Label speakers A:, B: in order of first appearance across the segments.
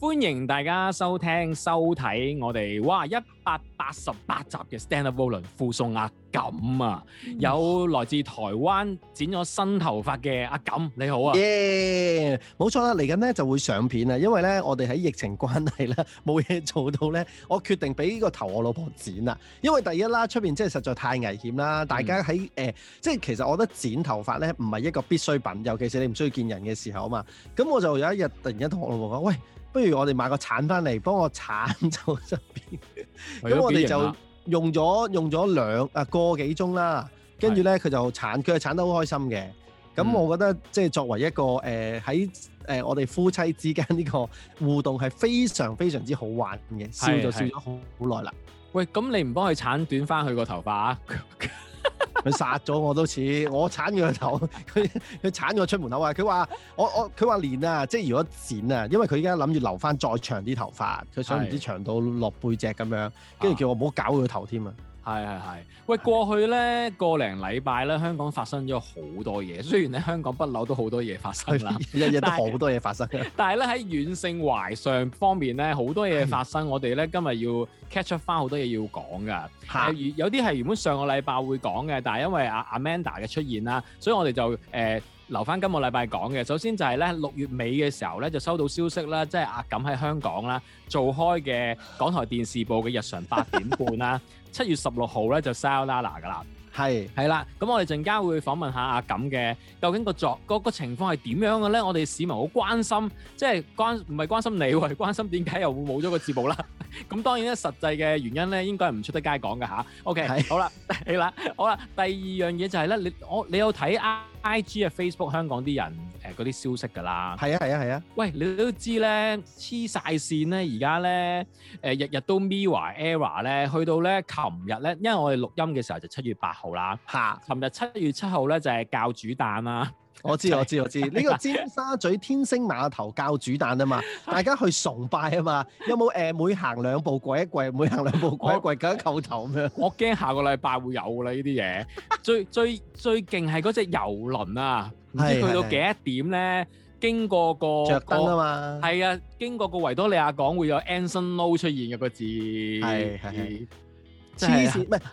A: 歡迎大家收聽收睇我哋哇一百八十八集嘅《Stand Up Volun》附送阿錦啊，哇 有來自台灣剪咗新頭髮嘅阿錦，你好啊 yeah,！耶，
B: 冇錯啦，嚟緊咧就會上片啦，因為咧我哋喺疫情關係咧冇嘢做到咧，我決定俾呢個頭我老婆剪啦，因為第一啦出邊真係實在太危險啦，大家喺誒、嗯呃、即係其實我覺得剪頭髮咧唔係一個必需品，尤其是你唔需要見人嘅時候啊嘛。咁我就有一日突然間同我老婆講：喂！不如我哋買個鏟翻嚟，幫我鏟走身邊。咁 我哋就用咗用咗兩啊個幾鐘啦，跟住咧佢就鏟，佢係鏟得好開心嘅。咁、嗯、我覺得即係作為一個誒喺誒我哋夫妻之間呢個互動係非常非常之好玩嘅，笑就是笑咗好好耐啦。喂，
A: 咁你唔幫佢鏟短翻佢
B: 個頭髮啊？ 佢殺咗我都似，我剷佢頭，佢佢鏟咗我出門口啊！佢話我我佢話連啊，即係如果剪啊，因為佢而家諗住留翻再長啲頭髮，佢想唔知長到落背脊咁樣，跟住叫我唔好搞佢個頭添啊！
A: 係係係，喂！過去咧個零禮拜咧，香港發生咗好多嘢。雖然咧香港不嬲都好多嘢發生啦，日日 都好
B: 多嘢發生。
A: 但係咧喺遠性懷上方面咧，好多嘢發生。的我哋咧今日要 catch up 翻好多嘢要講噶的、呃，有啲係原本上個禮拜會講嘅，但係因為阿 Amanda 嘅出現啦，所以我哋就誒。呃留翻今個禮拜講嘅，首先就係咧六月尾嘅時候咧，就收到消息啦，即係阿錦喺香港啦，做開嘅港台電視部嘅日常八點半啦。七月十六號咧就 sell 拉拉噶啦，係係啦。咁我哋陣間會訪問下阿錦嘅，究竟個作嗰個情況係點樣嘅咧？我哋市民好關心，即係關唔係關心你喎？係關心點解又會冇咗個節目啦？咁當然咧，實際嘅原因咧，應該係唔出得街講㗎吓。OK，好啦，係啦，好啦，第二樣嘢就係咧，你我你有睇啊？I.G 啊 Facebook 香港啲人誒嗰啲消息㗎啦，係啊係啊係啊！啊啊喂，你都知咧黐晒線咧，而家咧誒日日都 Mirror、Error 咧，去到咧琴日咧，因為我哋錄音嘅時候就七月八號啦，吓、啊，琴日七月七號咧就係、是、教主誕啦、啊。我知我知我知呢 個尖
B: 沙咀天星碼頭教主誕啊嘛， 大家去崇拜啊嘛，有冇誒每行兩步跪一跪，每行兩步跪一跪，叩一嚿頭咁樣？我驚下個禮拜會有啦呢啲嘢，最最
A: 最勁係嗰隻遊輪啊，唔 知去到幾多點咧，經過個是是是是著燈啊嘛，係啊，經過個維多利亞港會有 Anson Lo 出現嘅個字，
B: 係係是是。黐線，唔係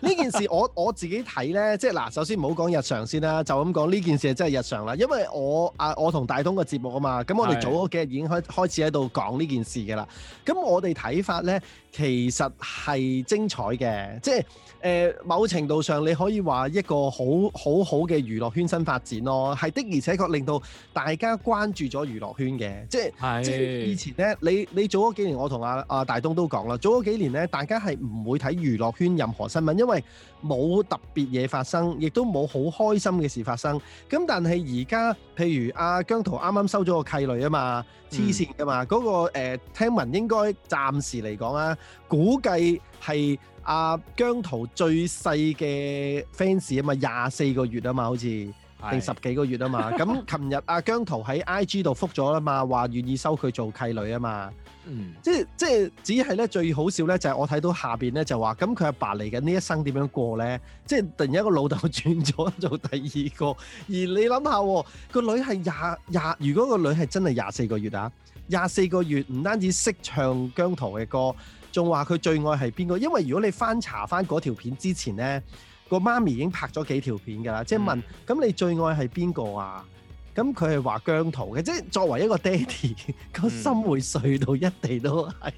B: 呢件事我，我我自己睇咧，即係嗱，首先唔好講日常先啦，就咁講呢件事真係日常啦，因為我啊，我同大通個節目啊嘛，咁我哋早嗰幾日已經開開始喺度講呢件事㗎喇，咁是的 我哋睇法咧。其實係精彩嘅，即係、呃、某程度上你可以話一個好好好嘅娛樂圈新發展咯，係的，而且確令到大家關注咗娛樂圈嘅，即係是 以前呢，你你早嗰幾年我同阿阿大東都講啦，早嗰幾年呢，大家係唔會睇娛樂圈任何新聞，因為。冇特別嘢發生，亦都冇好開心嘅事發生。咁但係而家，譬如阿姜濤啱啱收咗個契女啊嘛，黐線噶嘛，嗰、嗯那個誒、呃、聽聞應該暫時嚟講啊，估計係阿姜濤最細嘅 fans 啊嘛，廿四個月啊嘛，好似。定十幾個月啊嘛，咁琴日阿姜濤喺 IG 度覆咗啦嘛，話願意收佢做契女啊嘛，嗯，即係即係只係咧最好笑咧就係我睇到下邊咧就話，咁佢阿爸嚟緊呢一生點樣過咧？即係突然一個老豆轉咗做第二個，而你諗下個女係廿廿，如果個女係真係廿四個月啊，廿四個月唔單止識唱姜濤嘅歌，仲話佢最愛係邊個？因為如果你翻查翻嗰條片之前咧。個媽咪已經拍咗幾條片㗎啦，即係問，咁、嗯、你最愛係邊個啊？咁佢係話姜濤嘅，即係作為一個爹哋，個心會碎到一地都係。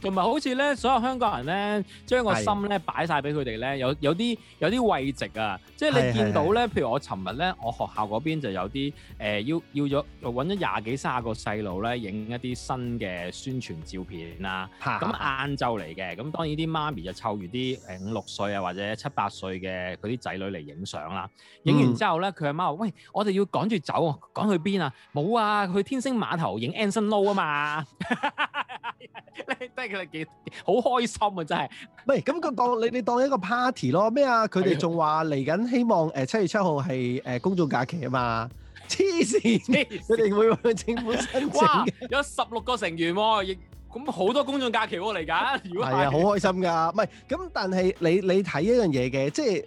B: 同埋、嗯、 好似
A: 咧，所有香港人咧，將個心咧擺晒俾佢哋咧，有有啲有啲慰藉啊！即係你見到咧，是是是譬如我尋日咧，我學校嗰邊就有啲誒、呃、要要咗揾咗廿幾卅個細路咧，影一啲新嘅宣傳照片啦。咁晏晝嚟嘅，咁當然啲媽咪就湊住啲誒五六歲啊，或者七八歲嘅佢啲仔女嚟影相啦。影、嗯、完之後咧，佢阿媽話：喂！我哋要趕住走，趕去邊啊？冇啊，
B: 去天星碼頭影 Anson Lo 啊嘛！ 你真佢哋幾好開心啊！真係，喂，咁佢當你你當一個 party 咯？咩啊？佢哋仲話嚟緊，希望誒七月七號係誒公眾假期啊嘛！黐線，你佢哋會去政府申
A: 請嘅。有十六個成員喎、啊。咁好多公眾假期喎嚟緊，如果係啊，好
B: 開心噶，唔係咁，但係你你睇一樣嘢嘅，即係誒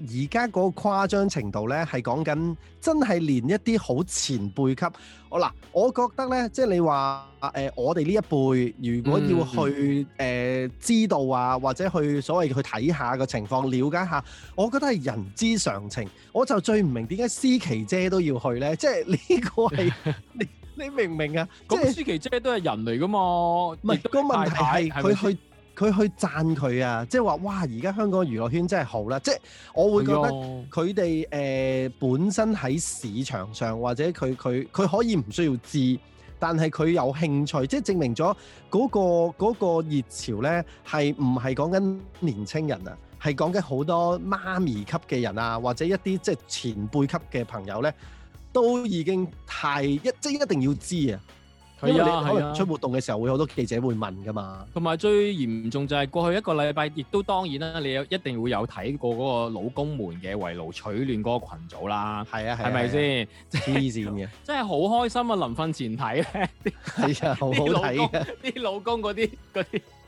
B: 而家嗰個誇張程度咧，係講緊真係連一啲好前輩級，我、啊、嗱，我覺得咧，即係你話誒、呃，我哋呢一輩如果要去誒、嗯呃、知道啊，或者去所謂去睇下個情況，了解下，我覺得係人之常情。我就最唔明點解思琪姐都要去咧，即係呢個係。
A: 你明唔明啊？即係舒淇姐都係人嚟噶嘛？唔係個問題係佢去
B: 佢去讚佢啊！即係話哇，而家香港娛樂圈真係好啦！即係我會覺得佢哋誒本身喺市場上或者佢佢佢可以唔需要知，但係佢有興趣，即係證明咗嗰個嗰個熱潮咧，係唔係講緊年青人啊？係講緊好多媽咪級嘅人啊，或者一啲即係前輩級嘅朋友咧。都已經太一即係一定要知啊！係啊係啊，出活動嘅時候會好多記者會問㗎嘛。
A: 同埋最嚴重就係過去一個禮拜，亦都當然啦，你有一定會有睇過嗰個老公們嘅圍爐取暖嗰個羣組啦。係啊係咪先？黐線嘅，真係好開心啊！臨瞓前睇
B: 咧，係 啊，好好睇嘅。
A: 啲 老公嗰啲嗰啲。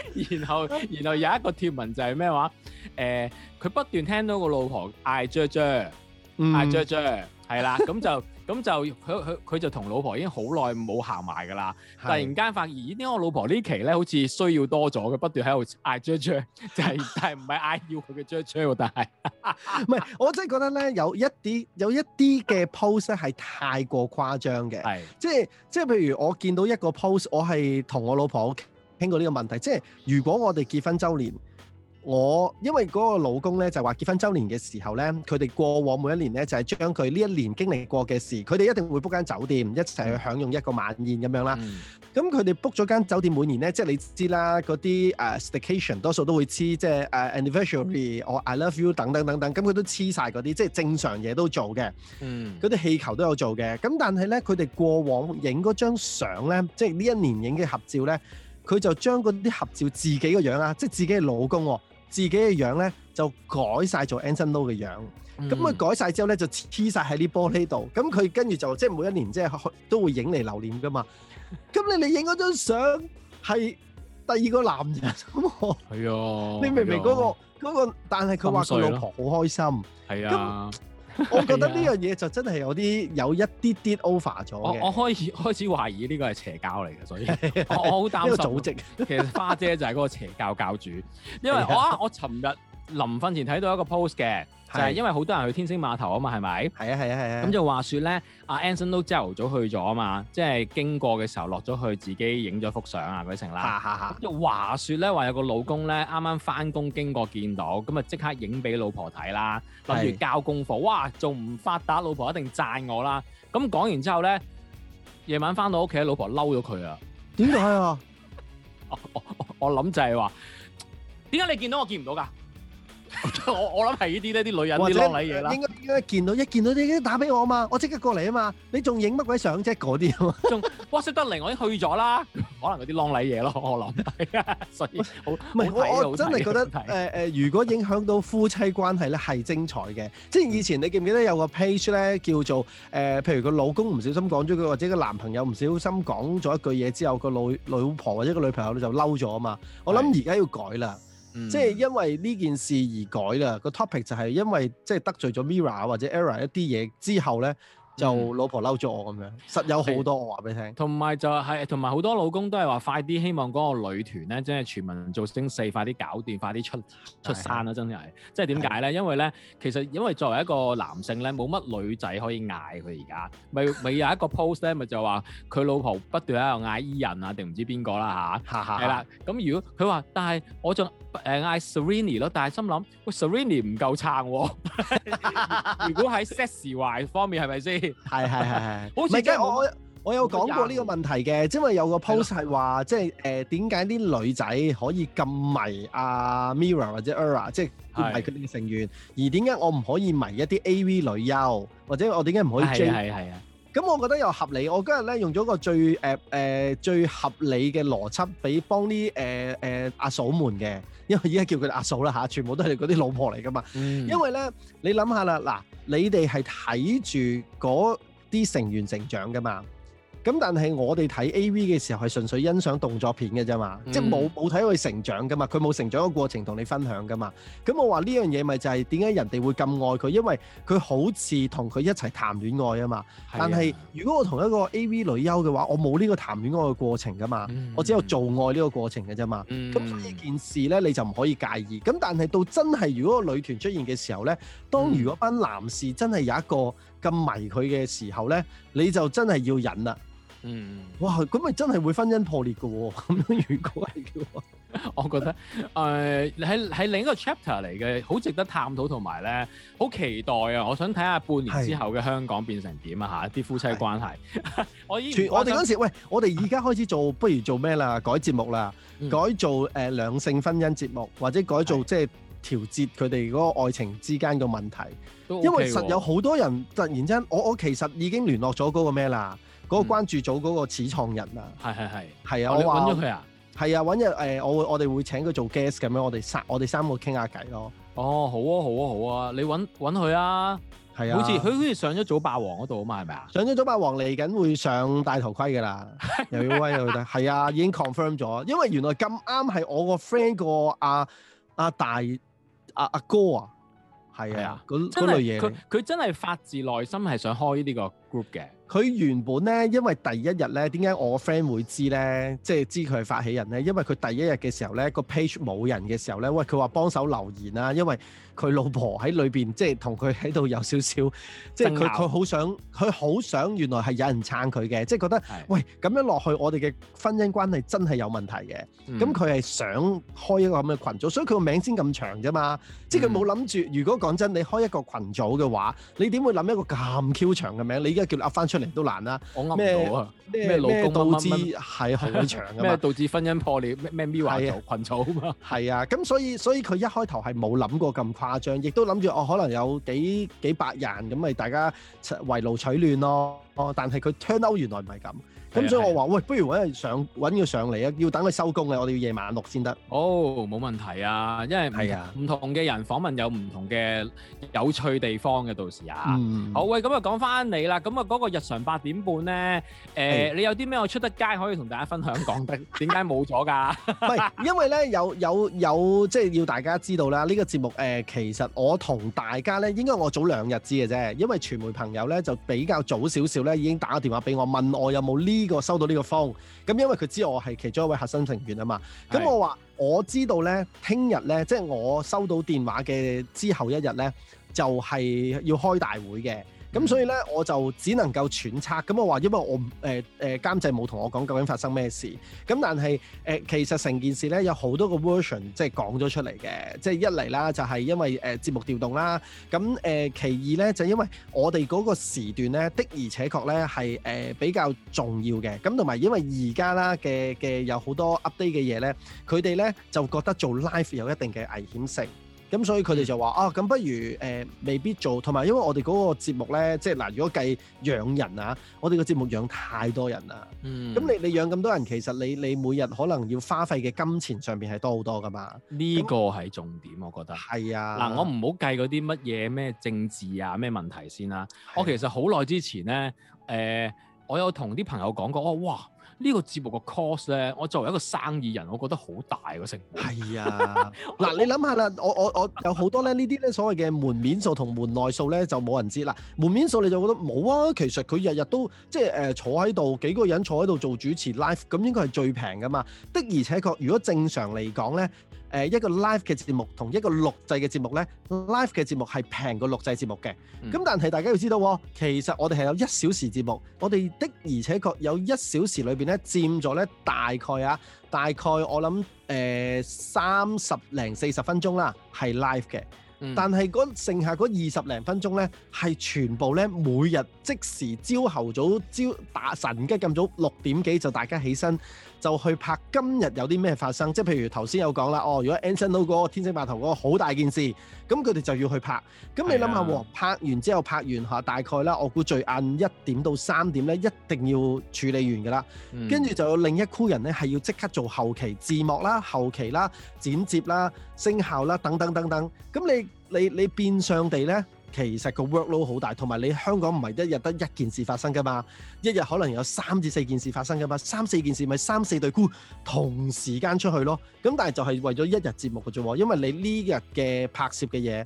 A: 然後然後有一個貼文就係咩話誒，佢、呃、不斷聽到個老婆嗌 jojo 嗌 jojo 係啦，咁就咁就佢佢佢就同老婆已經好耐冇行埋噶啦。是突然間發現咦，點解、欸、我老婆期呢期咧好似需要多咗，佢不斷喺度嗌 jojo 就係、是、但係唔係嗌要佢嘅 jojo 但係
B: 唔係，我真係覺得咧有一啲有一啲嘅 post 咧係太過誇張嘅，係即係即係譬如我見到一個 post 我係同我老婆傾過呢個問題，即係如果我哋結婚周年，我因為嗰個老公咧就話結婚周年嘅時候咧，佢哋過往每一年咧就係、是、將佢呢一年經歷過嘅事，佢哋一定會 book 間酒店一齊去享用一個晚宴咁樣啦。咁佢哋 book 咗間酒店每年咧，即係你知啦，嗰啲誒、uh, staycation 多數都會黐，即係誒、uh, anniversary or I love you 等等等等，咁佢都黐晒嗰啲，即係正常嘢都做嘅。嗯，嗰啲氣球都有做嘅。咁但係咧，佢哋過往影嗰張相咧，即係呢一年影嘅合照咧。佢就將嗰啲合照自己個樣啊，即係自己嘅老公，自己嘅樣咧就改晒做 Anson Lo 嘅樣。咁佢改晒之後咧就黐晒喺啲玻璃度。咁佢跟住就即係每一年即係都會影嚟留念噶嘛。咁你你影嗰張相係第二個男人，咁
A: 我係啊，你明唔明嗰個
B: 嗰個，但係佢話佢老婆好開心，係啊。 我覺得呢樣嘢就真係有啲有一啲啲 over 咗我，我
A: 開始，開始懷疑呢個係邪教嚟嘅，所以 我好擔心呢個組織。其實花姐就係嗰個邪教教主， 因為啊， 我尋日臨瞓前睇到一個 post 嘅。就係因為好多人去天星碼頭啊嘛，係咪？係啊，係啊，係啊。咁就話説咧，阿 Anson 都朝頭早去咗啊嘛，即係經過嘅時候落咗去，自己影咗幅相啊佢成啦。哈哈哈。 就話説咧，話有個老公咧，啱啱翻工經過見到，咁啊即刻影俾老婆睇啦，諗住交功課。 哇，仲唔發達？老婆一定讚我啦。咁講完之後咧，夜晚翻到屋企，老婆嬲咗佢啊。
B: 點解啊？我我我諗就係話，
A: 點解你見到我見唔到㗎？ 我我諗係呢啲咧，啲女人啲啷禮嘢啦。應該應
B: 該見到， 你見到一見到已經，你打俾我啊嘛，我即刻過嚟啊嘛。你仲影乜鬼相啫？嗰啲啊嘛。 仲，
A: 哇塞，得嚟，我已經去咗啦。可能嗰啲啷禮嘢咯，我諗。 所以好，唔係是看我看我真係覺得，
B: 誒誒看，如果影響到夫妻關係咧，係 精彩嘅。即係以前你記唔記得有個 page 咧，叫做誒、呃，譬如個老公唔小心講咗句，或者個男朋友唔小心講咗一句嘢之後，個老老婆或者個女朋友就嬲咗啊嘛。我諗而家要改啦。 嗯、即係因為呢件事而改啦，個 topic 就係因為即係得罪咗 Mirror 或者 Error 一啲嘢之後咧。就老婆嬲咗我咁樣，實有好多我話
A: 俾你聽。同埋、嗯、就係同埋好多老公都係話快啲，希望嗰個女團咧，真係全民造星四，快啲搞掂，快啲出出山啦！真係，的即係點解咧？的因為咧，其實因為作為一個男性咧，冇乜女仔可以嗌佢而家，咪咪有一個 post 咧，咪就話佢老婆不斷喺度嗌伊人啊，定唔知邊個啦嚇？係啦，咁如果佢話，但係我仲誒嗌 Serrini 咯，但係心諗喂
B: Serrini 唔夠撐，如
A: 果喺 sexy wise 方面係咪先？是
B: 係係係係，唔係即係我我有講過呢個問題嘅，因為有個 post 係話即係誒點解啲女仔可以咁迷阿、啊、Mirror 或者 ERA 即係係佢哋嘅成員，的而點解我唔可以迷一啲 AV 女優，或者我點解唔可以追係啊？咁我覺得又合理，我今日咧用咗個最誒誒、呃、最合理嘅邏輯，俾幫啲誒誒阿嫂們嘅，因為而家叫佢哋「阿嫂」啦嚇，全部都係嗰啲老婆嚟噶嘛，嗯、因為咧你諗下啦，嗱你哋係睇住嗰啲成員成長噶嘛。咁但係我哋睇 A.V. 嘅時候係純粹欣賞動作片嘅啫、嗯、嘛，即係冇冇睇佢成長噶嘛，佢冇成長嘅過程同你分享噶嘛。咁我話呢樣嘢咪就係點解人哋會咁愛佢？因為佢好似同佢一齊談戀愛啊嘛。啊但係如果我同一個 A.V. 女優嘅話，我冇呢個談戀愛嘅過程噶嘛，嗯、我只有做愛呢個過程嘅啫嘛。咁呢、嗯、件事咧，你就唔可以介意。咁、嗯、但係到真係如果個女團出現嘅時候咧，當如果班男士真係有一個咁迷佢嘅時候咧，你就真係要忍啦。嗯，哇，咁咪真係會婚姻破裂噶？咁 樣如果係嘅，
A: 我覺得誒，喺喺、 呃、另一個 chapter 嚟嘅，好值得探討同埋咧，好期待啊！我想睇下半年之後嘅香港變成點啊！吓，啲夫妻關係
B: 是的， 我我哋嗰時喂，我哋而家開始做，不如做咩啦？改節目啦，嗯、改做誒兩、呃、性婚姻節目，或者改做即係調節佢哋嗰個愛情之間嘅問題，可因為實有好多人突然間，我我其實已經聯絡咗嗰個咩啦。嗰個關注組嗰個始創人啊，
A: 係係係，
B: 係啊！我揾咗佢啊，係啊，揾日誒，我會我哋會請佢做 guest 咁樣，我哋三我哋三個傾下偈
A: 咯。哦，好啊，好啊，好啊！你揾揾佢啊，係啊，好似佢好似上咗早霸王嗰度啊嘛，係
B: 咪啊？上咗早霸王嚟緊會上戴頭盔㗎喇，又要威又要得，係啊，已經 confirm 咗，因為原來咁啱係我個 friend 個阿阿大阿阿哥啊，係啊，嗰嗰類嘢，佢
A: 佢真係發自內心係想開呢個 group 嘅。
B: 佢原本呢，因為第一日呢，點解我 friend 會知呢？即係知佢係發起人呢？因為佢第一日嘅時候呢，個 page 冇人嘅時候呢，喂，佢話幫手留言啦、啊，因為。佢老婆喺裏邊，即係同佢喺度有少少，即係佢佢好想，佢好想原來係有人撐佢嘅，即係覺得是的 喂，咁樣落去，我哋嘅婚姻關係真係有問題嘅。咁佢係想開一個咁嘅群組，所以佢個名先咁長啫嘛。即係佢冇諗住，如果講真，你開一個群組嘅話，你點會諗一個咁 Q 長嘅名？你而家叫你噏翻出嚟都難啦。我噏唔到啊！咩老公啊？咩導致係好麼長啊？咩 導致婚姻破裂？咩咩咩？群組啊嘛。係啊的，咁 所以所以佢一開頭係冇諗過咁。誇象亦都諗住哦，可能有幾幾百人，咁咪大家圍爐取暖咯。哦，但係佢 turnout 原來唔係咁，咁、啊啊、所以我話是、啊、喂，不如揾佢上揾佢上嚟啊，要等佢收工嘅，我哋要夜晚錄先得。哦，
A: 冇問題啊，因為唔同嘅人訪問有唔同嘅有趣地方嘅，到時啊，好喂，咁啊講翻你啦，咁啊嗰個日常八點半咧，誒、呃，是啊、你有啲咩我出得街可以同大家分享講得？點解冇咗
B: 㗎？唔 因為咧有有有，有，即係要大家知道啦。呢、呢個節目誒、呃，其實我同大家咧，應該我早兩日知嘅啫，因為傳媒朋友咧就比較早少少。 咧已經打電話俾我問我有冇呢個收到呢個封。咁，因為佢知道我係其中一位核心成員啊嘛。咁我話我知道咧，聽日咧，即係我收到電話嘅之後一日咧，就係要開大會嘅。咁所以咧，我就只能夠揣測。咁、嗯、我話，因為我誒誒、呃、監製冇同我講究竟發生咩事。咁但係誒、呃，其實成件事咧有好多個 version，即係講咗出嚟嘅。即係一嚟啦，就係、是、因為誒、呃、節目調動啦。咁、呃、誒其二咧，就是、因為我哋嗰個時段咧的而且確咧係誒比較重要嘅。咁同埋因為而家啦嘅嘅有好多 update 嘅嘢咧，佢哋咧就覺得做 live 有一定嘅危險性。咁、嗯、所以佢哋就話、嗯、啊，咁不如誒、呃、未必做，同埋因為我哋嗰個節目咧，即係嗱、呃，如果計養人啊，我哋個節目養太多人啦。嗯。咁你你養咁多人，其實你你每日可能要花費嘅金錢上邊係多好多㗎嘛？呢個係重點，嗱、我覺得。係啊。
A: 嗱，我唔好計嗰啲乜嘢咩政治啊咩問題先啦。啊、我其實好耐之前咧，誒、呃，我有同啲朋友講過，我哇！呢個節目個 cost 咧，我作為一個生意人，我覺得好大個成果。係
B: 啊，嗱，你諗下啦，我我我有好多咧呢啲咧所謂嘅門面數同門內數咧，就冇人知啦。門面數你就覺得冇啊，其實佢日日都即係誒、呃、坐喺度，幾個人坐喺度做主持 live，咁應該係最平㗎嘛。的而且確，如果正常嚟講咧。誒一個 live 嘅節目同一個錄製嘅節目呢 live 嘅節目係平過錄製節目嘅。咁、嗯、但係大家要知道，其實我哋係有一小時節目，我哋的而且確有一小時裏邊呢，佔咗呢大概啊，大概我諗誒三十零四十分鐘啦，係 live 嘅。嗯、但係嗰剩下嗰二十零分鐘呢，係全部呢每日即時朝頭早朝打神嘅咁早六點幾就大家起身。就去拍今日有啲咩發生，即係譬如頭先有講啦，哦，如果 e n s o u n t 到嗰個天星碼頭嗰個好大件事，咁佢哋就要去拍。咁你諗下喎，拍完之後拍完嚇，大概咧，我估最晏一點到三點咧，一定要處理完㗎啦。跟住、嗯、就有另一箍人咧，係要即刻做後期字幕啦、後期啦、剪接啦、聲效啦等等、等等等等。咁你你你變相地咧？其實個 workload 好大，同埋你香港唔係一日得一件事發生噶嘛，一日可能有三至四件事發生噶嘛，三四件事咪三四對箍同時間出去咯。咁但係就係為咗一日節目嘅啫喎，因為你呢日嘅拍攝嘅嘢，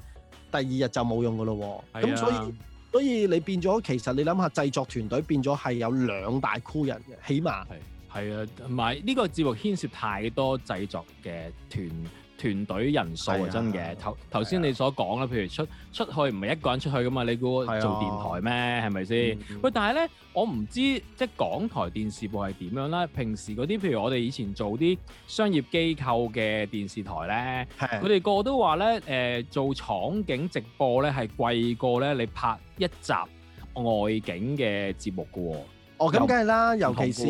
B: 第二日就冇用噶咯喎。咁係、啊、所以所以你變咗，其實你諗下製作團隊變咗係有兩大箍人嘅，起碼
A: 係係啊，唔係呢個節目牽涉太多製作嘅團。團隊人數啊，真嘅的。頭頭先你所講啦，的譬如出出去唔係一個人出去噶嘛，你估做電台咩？係咪先？喂，嗯嗯、但係咧，我唔知即係港台電視部係點樣啦。平時嗰啲譬如我哋以前做啲商業機構嘅電視台咧，佢哋的個都話咧，誒、呃、做廠景直播咧係貴過咧你拍一集外景嘅節目噶喎、啊。
B: 哦，咁梗係啦，尤其是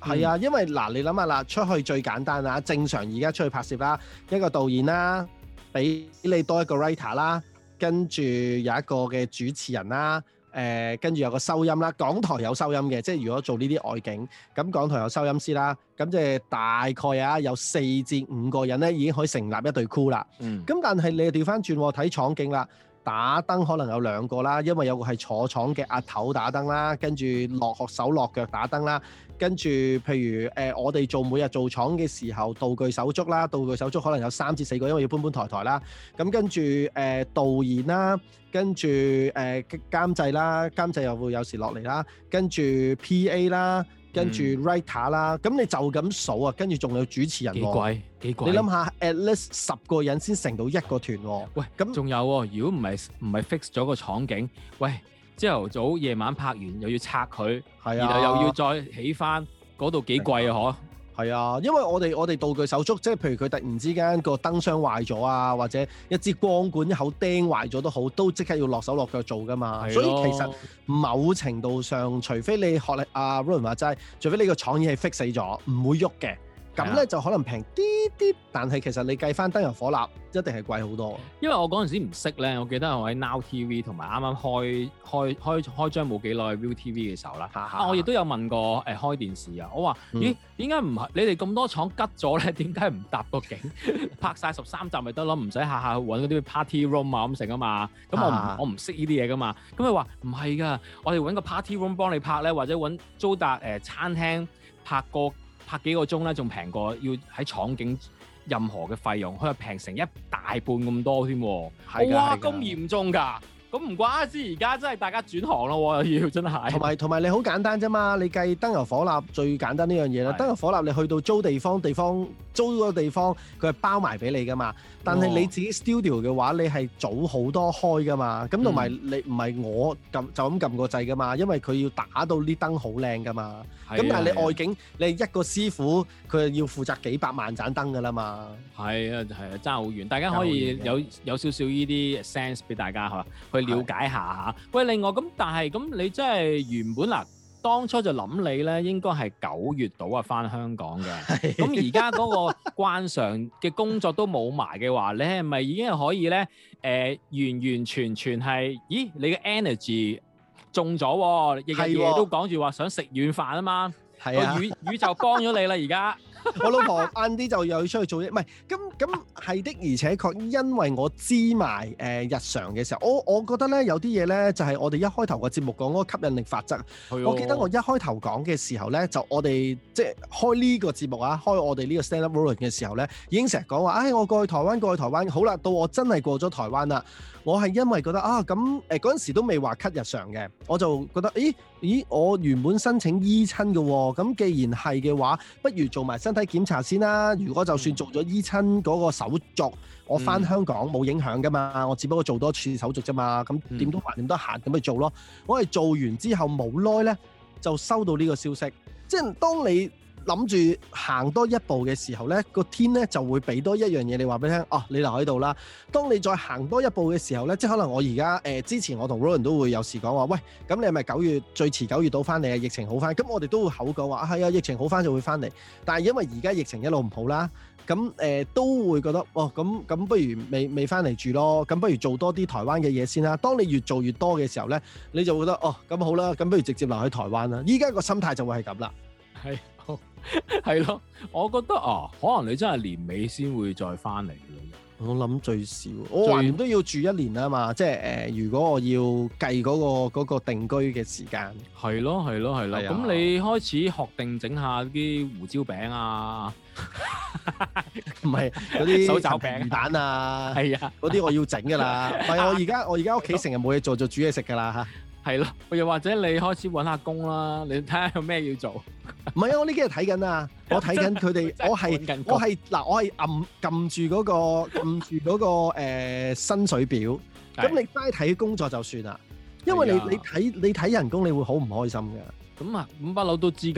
B: 係啊，因為嗱，你諗下啦，出去最簡單啦，正常而家出去拍攝啦，一個導演啦，俾你多一個 writer 啦，跟住有一個嘅主持人啦，誒，跟住有個收音啦，港台有收音嘅，即係如果做呢啲外景，咁港台有收音師啦，咁即係大概啊有四至五個人咧已經可以成立一隊 crew 啦。嗯。咁但係你調翻轉睇廠景啦。打燈可能有兩個啦，因為有個係坐廠嘅阿頭打燈啦，跟住落學手落腳打燈啦，跟住譬如誒、呃、我哋做每日做廠嘅時候道具手足啦，道具手足可能有三至四個，因為要搬搬抬抬啦，咁跟住誒、呃、導演啦，跟住誒、呃、監製啦，監製又會有時落嚟啦，跟住 P.A. 啦。跟住 writer 啦、嗯，咁你就咁數啊，跟住仲有主持人、啊，幾貴幾貴？貴你諗下，at least 十個人先成到一個團喎、啊。喂，
A: 咁仲那有喎、啊？如果唔係唔係 fix 咗個場景，喂，朝頭早夜晚拍完又要拆佢，啊、然後又要再起返嗰度，幾貴啊？嗬！
B: 係啊，因為我哋我哋道具手足，即係譬如佢突然之間個燈箱壞咗啊，或者一支光管一口釘壞咗都好，都即刻要落手落腳做噶嘛。啊、所以其實某程度上，除非你學歷，阿 Ron 話齋，除非你個廠已經係 fix 死咗，唔會喐嘅。咁咧 就可能平啲啲，但係其實你計翻燈油火蠟，一定係貴好多。
A: 因為我嗰陣時唔識咧，我記得我喺 Now TV 同埋啱啱開開開開張冇幾耐 ViuTV 嘅時候啦、 啊。我亦都有問過誒、呃、開電視啊，我話：咦，點解唔係你哋咁多廠拮咗咧？點解唔搭個景 拍晒十三集咪得咯？唔使下下揾嗰啲 party room 啊咁成啊嘛。咁、 嗯、我我唔識呢啲嘢㗎嘛。咁佢話唔係㗎，我哋揾個 party room 幫你拍咧，或者揾租達誒餐廳拍個。拍幾個鐘咧，仲平過要喺廠景任何嘅費用，佢係平成一大半咁多添喎。的哇，咁的嚴重㗎？咁唔怪之而家真係大家轉行咯，又要
B: 真係。同埋同埋你好簡單啫嘛，你計燈油火蠟、嗯、最簡單呢樣嘢啦，的燈油火蠟你去到租地方地方。租個地方佢係包埋俾你噶嘛，但係你自己 studio 嘅話，你係早好多開噶嘛，咁同埋你唔係我撳就咁撳個掣噶嘛，因為佢要打到啲燈好靚噶嘛，咁但係你外景你一個師傅佢係要負責幾百萬盞燈噶啦嘛，
A: 係啊，係啊，爭好遠，大家可以有有少少呢啲 sense 俾大家係嘛，去了解下嚇。喂，另外咁但係咁你真係原本嗱。當初就諗你咧，應該係九月到啊翻香港嘅。咁而家嗰個慣常嘅工作都冇埋嘅話咧，你係咪已經係可以咧？誒、呃，完完全全係，咦？你嘅 energy 中咗喎、啊，日日的都講住話想食軟飯啊嘛，係啊的，宇，宇宇宙幫咗你啦，而家的。 我老婆
B: 晏啲就又要出去做嘢，唔係，咁咁係的，而且確，因為我知埋誒、呃、日常嘅時候，我我覺得咧有啲嘢咧就係、是、我哋一開頭個節目講個吸引力法則，哦、我記得我一開頭講嘅時候咧，就我哋即係開呢個節目啊，開我哋呢個 stand up world 嘅時候咧，已經成日講話，誒我過去台灣過去台灣好啦，到我真係過咗台灣啦，我係因為覺得啊，咁誒嗰陣時都未話 cut 日常嘅，我就覺得，咦咦，我原本申請醫親嘅喎，咁既然係嘅話不如做埋。身體檢查先啦，如果就算做咗醫親嗰個手續，嗯、我翻香港冇影響噶嘛，我只不過做多次手續啫嘛，咁點都還點、嗯、都閒咁咪做咯。我哋做完之後冇耐咧，就收到呢個消息，即係當你諗住行多一步嘅時候呢，個天呢就會俾多一樣嘢你話俾聽。哦，你留喺度啦。當你再行多一步嘅時候呢，即係可能我而家誒，之前我同羅倫都會有時講話，喂，咁你係咪九月最遲九月到翻嚟啊，啊？疫情好翻，咁我哋都會口講話，係啊，疫情好翻就會翻嚟。但係因為而家疫情一路唔好啦，咁誒、呃，都會覺得，哦，咁咁不如未未翻嚟住咯，咁不如做多啲台灣嘅嘢先啦。當你越做越多嘅時候呢，你就會覺得，哦，咁好啦，咁不如直接留喺台灣啦。依家個心態就會係咁啦。
A: 係。係咯， 我覺得啊，
B: 可能你真係年尾
A: 先會再翻嚟。
B: 我諗最少，我還都要住一年啊嘛。即係誒、呃，如果我要計嗰、嗰個、嗰個定居嘅時間，係咯係咯係咯。咁的你
A: 開始學定整下啲胡椒餅啊，
B: 唔係嗰啲手抓餅蛋啊，係 啊，嗰啲我要整噶啦。係 的啊，我而家我而家屋企成日冇嘢做，就煮嘢食噶啦吓。係咯，又或者你開始
A: 搵下工啦，你睇下有咩要做。
B: 唔係 啊！ 我呢幾日睇緊啊，我睇緊佢哋，我係我係嗱，我係按撳住嗰個撳住嗰個呃、薪水表。咁 你齋睇工作就算啦，啊、因為你你睇你睇人工，你會好唔開心嘅。
A: 咁 啊，五八佬都知㗎，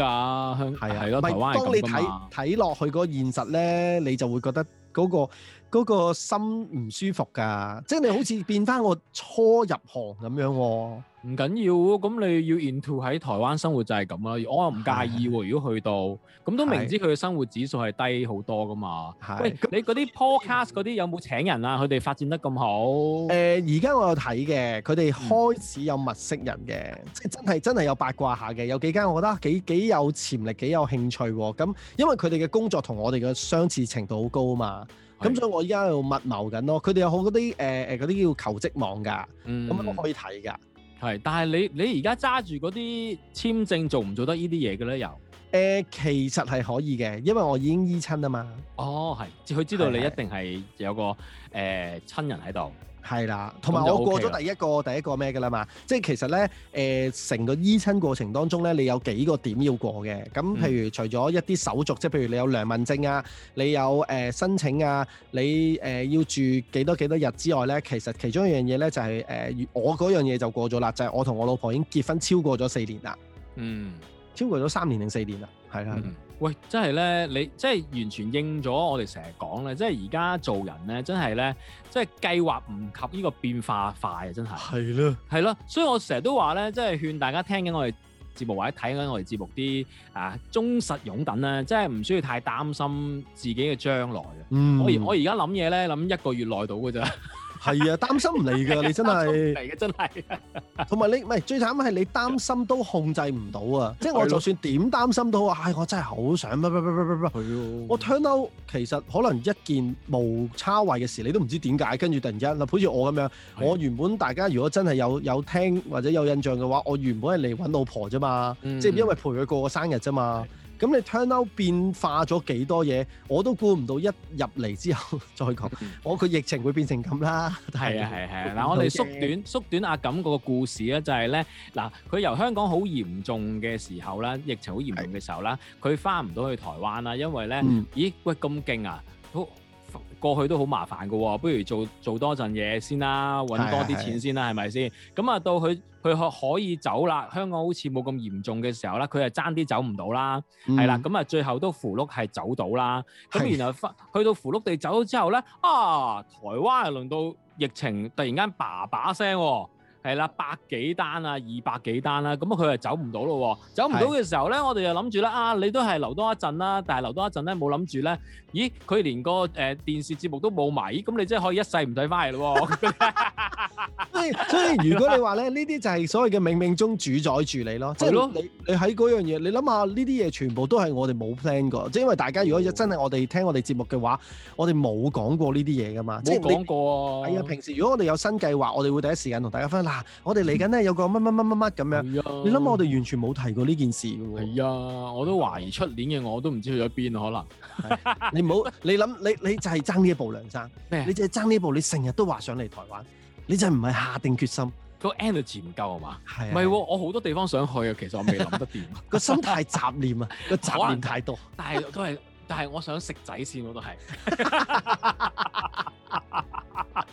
A: 香係啊係咯，台灣係咁㗎嘛。當你睇
B: 睇落去嗰個現實咧，你就會覺得嗰個。嗰個心唔舒服噶，即係你好似變翻我初入行咁樣喎、啊。唔緊要，咁你要沿途
A: 喺台灣生活就係咁啦。我又唔介意、啊。的如果去到，咁都明知佢嘅生活指數係低好多噶嘛。的喂，你嗰啲 podcast 嗰啲有冇請人啊？佢哋發展得咁好？
B: 誒、呃，而家我有睇嘅，佢哋開始有物色人嘅，嗯、即係真係真係有八卦下嘅。有幾間我覺得幾幾有潛力、幾有興趣、啊。咁因為佢哋嘅工作同我哋嘅相似程度好高嘛。咁所以我依家喺度密謀緊咯，佢哋有好多啲誒誒啲叫求職網噶，咁
A: 都、嗯、可以睇噶，係。但係你你而家揸住嗰啲
B: 簽證做唔做得呢啲嘢嘅咧？又誒、呃，其實係可以嘅，因為我已經醫親啊嘛。哦，係，佢
A: 知道你一定係有個誒的、呃、親人喺度。
B: 係啦，同埋我過咗第一個第一個咩嘅啦嘛，即係其實咧，誒、呃、成個依親過程當中咧，你有幾個點要過嘅？咁譬如除咗一啲手續，即係譬如你有良民證啊，你有誒、呃、申請啊，你誒、呃、要住幾多幾多日之外咧，其實其中一樣嘢咧就係、是、誒、呃，我嗰樣嘢就過咗啦，就係、是、我同我老婆已經結婚超過咗四年啦，嗯，超過咗三年定四年啦，係啦。嗯
A: 喂，真係咧，你即係完全應咗我哋成日講咧，即係而家做人咧，真係咧，即係計劃唔及呢個變化快啊，真係。係咯的，係咯，所以我成日都話咧，即係勸大家聽緊我哋節目或者睇緊我哋節目啲啊忠實擁躉咧，即係唔需要太擔心自己嘅將來啊、
B: 嗯。我而我而
A: 家諗嘢咧，諗一個月內到嘅咋。 係啊，
B: 擔心唔嚟㗎， 的你真係唔嚟嘅真係。同 埋你唔係最慘係你擔心都控制唔到啊！ 即係我就算點擔心都好啊，係、哎、我真係好想乜乜乜乜乜我 turn out，其實可能一件無差位嘅事，你都唔知點解，跟住突然間嗱，好似我咁樣，的我原本大家如果真係有有聽或者有印象嘅話，我原本係嚟揾老婆啫嘛，即係因為陪佢過個生日啫嘛。嗯。咁你 turn out 變化咗幾多嘢？我都估唔到一入嚟之後再講， 我佢疫情會變成咁啦。係
A: 啊係係，嗱、啊啊嗯、我哋縮短縮短阿感嗰個故事咧、就係，就係咧，嗱佢由香港好嚴重嘅時候啦，疫情好嚴重嘅時候啦，佢翻唔到去台灣啊，因為咧，嗯、咦喂咁勁啊！過去都好麻煩嘅，不如做做多陣嘢先啦，揾多啲錢先啦，係咪先？咁啊，到佢佢可以走啦，香港好似冇咁嚴重嘅時候啦，佢係爭啲走唔到啦，係啦、嗯，咁啊最後都符碌係走到啦，咁是 然後去到符碌地走咗之後呢，啊，台灣又輪到疫情突然間叭叭聲、哦。係啦，百幾單啊，二百幾單啦、啊，咁啊佢啊走唔到咯，走唔到嘅時候咧，我哋就諗住咧，啊你都係留多一陣啦，但係留多一陣咧冇諗住咧，咦佢連個誒、呃、電視節目都冇埋，咦咁你真係可以一世唔睇翻嚟咯。
B: 所以如果你話咧，呢啲就係所謂嘅冥冥中主宰住你咯，即係咯你你喺嗰樣嘢，你諗下呢啲嘢全部都係我哋冇 plan 過，即係因為大家如果真係我哋聽我哋節目嘅話，我哋冇講過呢啲嘢㗎嘛，冇講過啊。係啊，平時如果我哋有新計劃，我哋會第一時間同大家分享。啊、我哋嚟緊咧有個乜乜乜乜乜咁樣，啊、你諗我哋完全冇提過呢件事㗎喎。係啊，我都懷疑出年嘅我都唔知去咗邊可能。你唔好，你諗你你，你就係爭呢一步梁，梁生麼。咩你就係爭呢一步，你成日都話上嚟台灣，你就係唔係下定決心？個
A: energy 唔夠啊嘛？係、啊。唔係、啊、我好多地方想去啊，
B: 其實我未諗得掂。 個心太雜念啊， 個雜念太多。
A: 但係都係，但係我想食仔先我都係。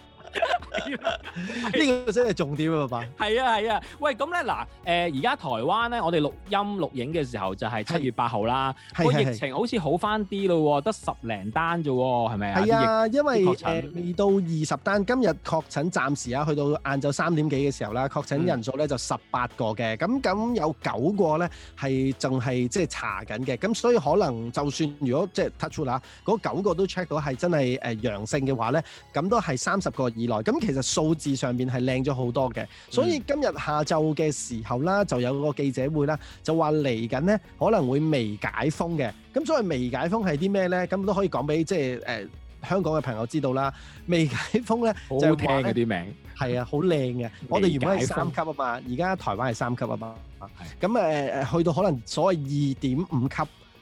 B: 係啊，呢個真係重點啊嘛。
A: 係啊係啊，喂，咁咧嗱，誒而家台灣咧，我哋錄音錄影嘅時候就係七月八號啦。係疫情好似好翻啲咯，得十零單啫，係
B: 咪啊？係啊，因為誒到二十單，今日確診暫時啊，去到晏晝三點幾嘅時候咧，確診人數咧就十八個嘅。咁咁有九個咧係仲係即係查緊嘅。咁所以可能就算如果即係 touch 到啦，嗰九個都 check 到係真係誒陽性嘅話咧，咁都係三十個以內。咁其實數字上面係靚咗好多嘅，所以今日下晝嘅時候啦，就有個記者會啦，就話嚟緊咧可能會微解封嘅。咁所謂微解封係啲咩咧？咁都可以講俾即係誒、呃、香港嘅朋友知道啦。微解封咧就好聽嗰啲名，係啊，好靚嘅。 微解封我哋原本係三級啊嘛，而家台灣係三級啊嘛，咁誒誒去到可能所謂二點五級。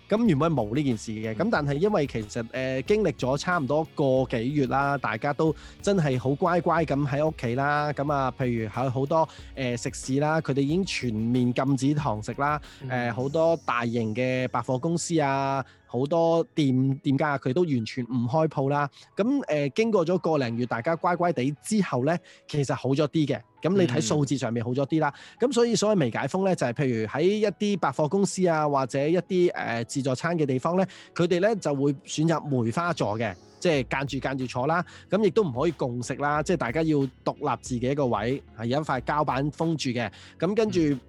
B: 咁原本冇呢件事嘅，咁但係因為其實誒、呃、經歷咗差唔多個幾月啦，大家都真係好乖乖咁喺屋企啦，咁啊，譬如喺好多誒、呃、食肆啦，佢哋已經全面禁止堂食啦，誒、呃、好多大型嘅百貨公司啊。好多店店家佢都完全唔開鋪啦，咁誒、呃、經過咗個零月，大家乖乖地之後呢，其實好咗啲嘅。咁你睇數字上面好咗啲啦，咁、嗯、所以所謂微解封呢，就係、是、譬如喺一啲百貨公司啊，或者一啲誒、呃、自助餐嘅地方呢，佢哋呢就會選擇梅花座嘅，即係間住間住坐啦，咁亦都唔可以共食啦，即係大家要獨立自己一個位，係有一塊膠板封住嘅，咁跟住，嗯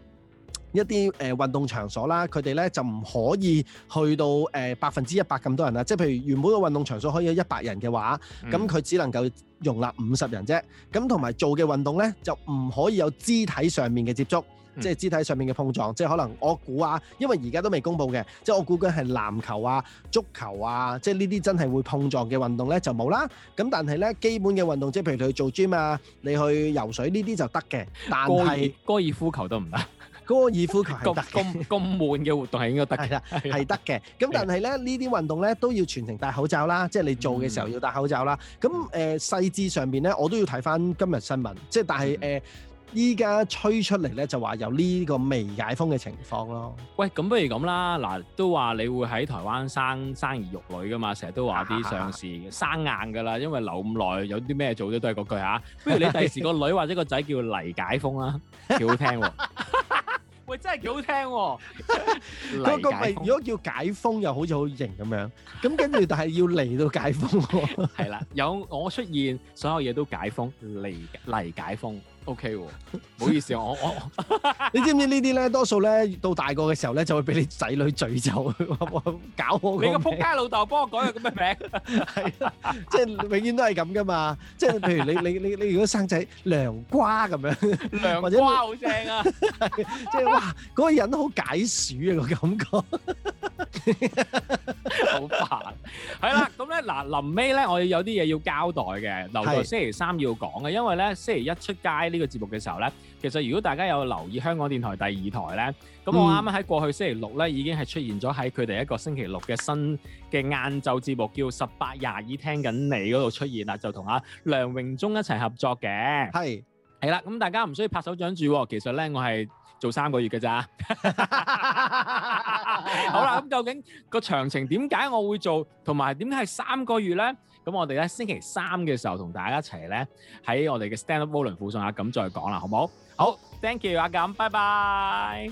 B: 一啲誒運動場所啦，佢哋咧就唔可以去到誒百分之一百咁多人啦。即係譬如原本個運動場所可以有一百人嘅話，咁佢只能夠容納五十人啫。咁同埋做嘅運動咧就唔可以有肢體上面嘅接觸，即係肢體上面嘅碰撞。即係可能我估啊，因為而家都未公布嘅，即係我估計係籃球啊、足球啊，即係呢啲真係會碰撞嘅運動咧就冇啦。咁但係咧基本嘅運動，即係譬如你去做 gym 啊，你去游水呢啲就得嘅。但係，高爾夫球都唔得。哥爾夫球係得嘅，咁咁悶嘅活動係應該得嘅啦，係得嘅。咁但係咧，呢啲運動咧都要全程戴口罩啦，即係你做嘅時候要戴口罩啦。咁誒、嗯呃、細緻上面咧，我都要睇翻今日新聞，即係但係誒依家吹出嚟咧就話有呢個未解封嘅情況咯。
A: 喂，咁不如咁啦，嗱都話你會喺台灣生生兒育女噶嘛，成日都話啲上市、啊、生硬噶啦，因為留咁耐有啲咩做咧都係嗰句嚇。 不如你第時個
B: 女或者個仔叫黎解封啦，幾 好聽喎！
A: 喂，真
B: 係幾好聽喎！個個如果叫解封， 解封又好似好型咁樣。咁 跟住，但係要嚟到解封喎。係
A: 啦， 有我出現，所有嘢都解封嚟嚟解，解封。O K，唔好意思，我我
B: 你知唔知呢啲咧？多數咧到大個嘅時候咧，就會俾你仔女聚就，我搞我。你個仆街
A: 老豆幫我改個咁嘅名，係啦，
B: 即係永遠都係咁噶嘛。即係譬如你你你你如果生仔涼瓜咁樣，涼瓜好正啊！即係哇，嗰個人都好解暑啊個感覺，
A: 好煩。係啦，咁咧嗱，臨尾咧我有啲嘢要交代嘅，留到星期三要講嘅，因為咧星期一出街。呢個節目嘅時候咧，其實如果大家有留意香港電台第二台咧，咁我啱啱喺過去星期六咧已經係出現咗喺佢哋一個星期六嘅新嘅晏晝節目，叫《十八廿二聽緊你》嗰度出現啦，就同阿梁榮忠一齊合作嘅。係係啦，咁大家唔需要拍手掌住，其實咧我係做三個月嘅咋。好啦，咁究竟個詳情點解我會做，同埋點解係三個月咧？咁我哋咧星期三嘅時候同大家一齊咧喺我哋嘅 Stand Up Volun，附送阿感再講啦，好唔好？好，thank you 阿感，拜拜。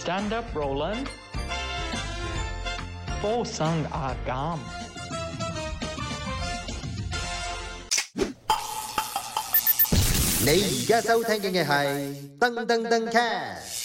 A: Stand Up Volun，附
B: 送阿感，你而家收聽嘅係登登登 cat。